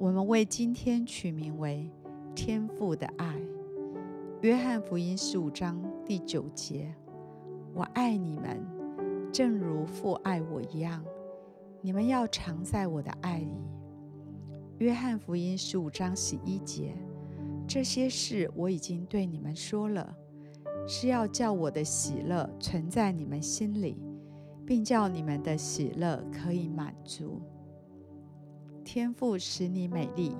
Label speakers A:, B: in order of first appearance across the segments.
A: 我們為今天取名為“天父的愛”。約翰福音十五章第九節：“我愛你們，正如父愛我一樣。你們要常在我的愛裡。”約翰福音十五章十一節：“這些事我已經對你們說了，是要叫我的喜樂存在你們心裡，並叫你們的喜樂可以滿足。”天父使你美麗，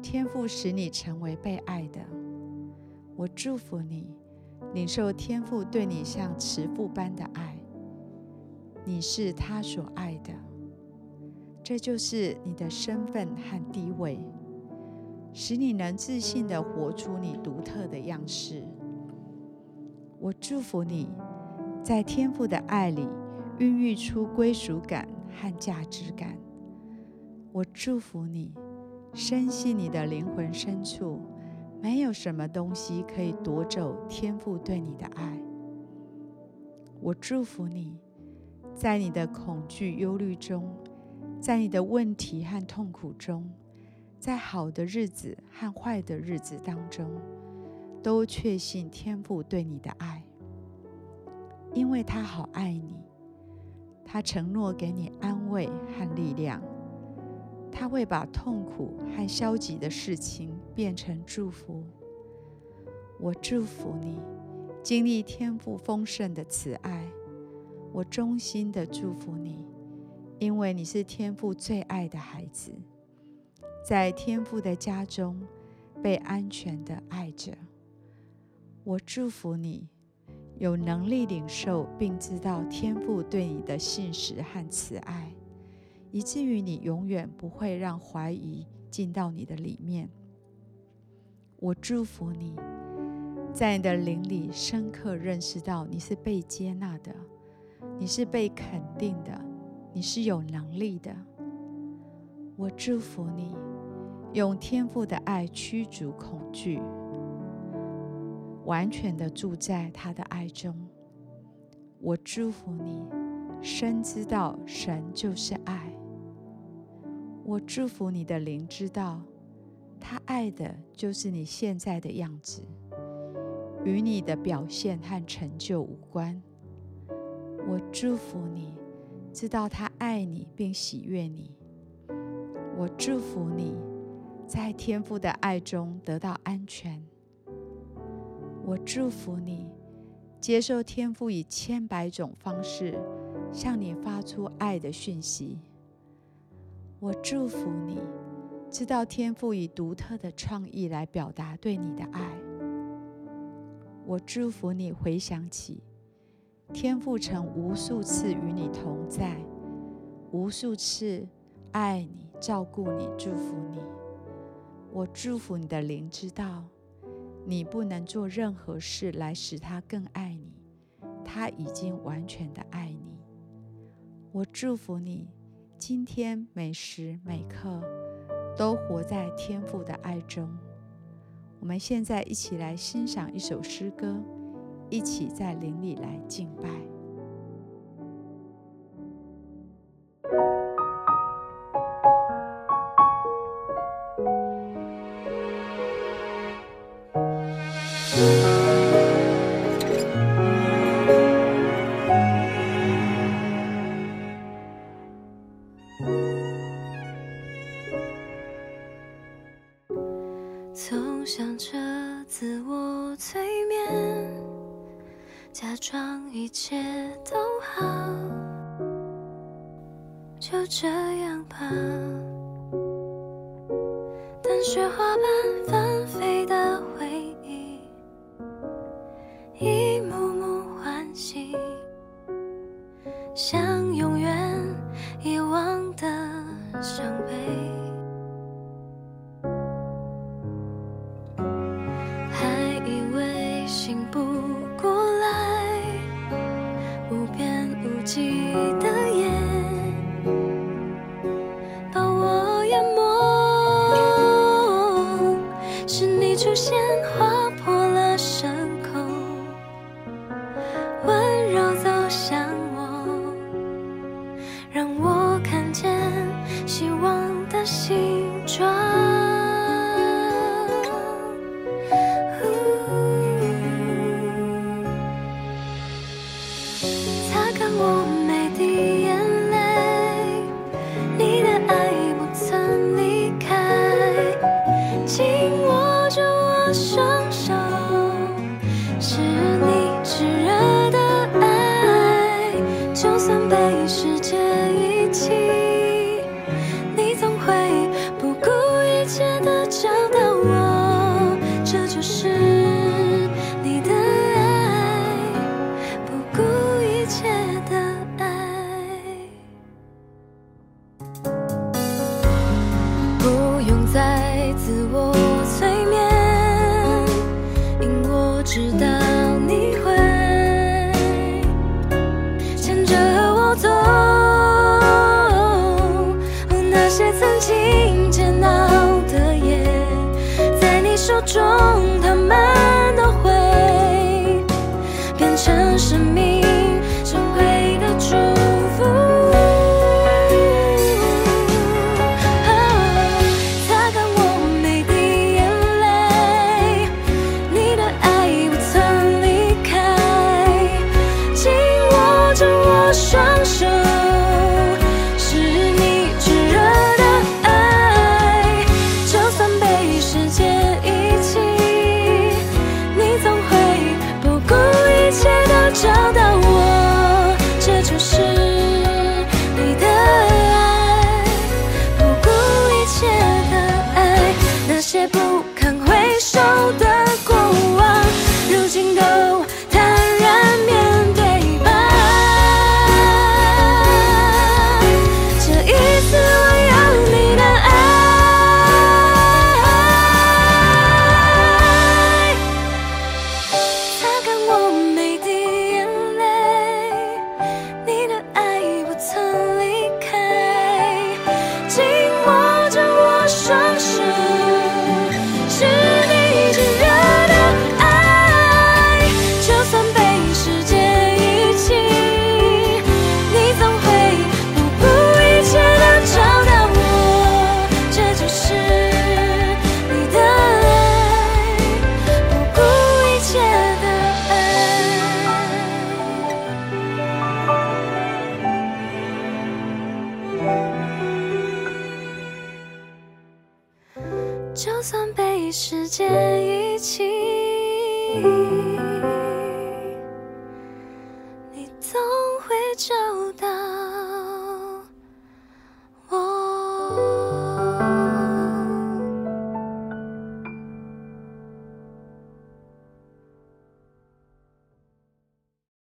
A: 天父使你成為被愛的。我祝福你，領受天父對你像慈父般的愛。你是他所愛的，這就是你的身份和地位，使你能自信的活出你獨特的樣式。我祝福你，在天父的愛裡，孕育出歸屬感和價值感。我祝福你，深信你的靈魂深處沒有什麼東西可以奪走天父對你的愛。我祝福你，在你的恐懼、憂慮中，在你的問題和痛苦中，在好的日子和壞的日子當中，都確信天父對你的愛，因為他好愛你，他承諾給你安慰和力量。他會把痛苦和消極的事情變成祝福。我祝福你，經歷天父豐盛的慈愛。我衷心的祝福你，因為你是天父最愛的孩子，在天父的家中被安全的愛着。我祝福你，有能力領受並知道天父對你的信實和慈愛，以至於你永遠不會讓懷疑進到你的裡面。我祝福你，在你的靈裡深刻認識到你是被接納的，你是被肯定的，你是有能力的。我祝福你，用天父的愛驅逐恐懼，完全的住在他的愛中。我祝福你。深知道神就是愛。我祝福你的靈知道，他愛的就是你現在的樣子，與你的表現和成就無關。我祝福你知道他愛你並喜悅你。我祝福你在天父的愛中得到安全。我祝福你接受天父以千百種方式向你發出愛的訊息。我祝福你，知道天父以獨特的創意來表達對你的愛。我祝福你回想起，天父曾無數次與你同在，無數次愛你、照顧你、祝福你。我祝福你的靈知道，你不能做任何事來使他更愛你，他已經完全的愛你。我祝福你，今天每時每刻都活在天父的愛中。我們現在一起來欣賞一首詩歌，一起在靈裡來敬拜。
B: 我催眠，假裝一切都好，就這樣吧。但雪花般紛飛的回憶，一幕幕喚醒。這一切。那些曾經煎熬的夜，在你手中。不堪回首的。算被時間遺棄，你總會找到。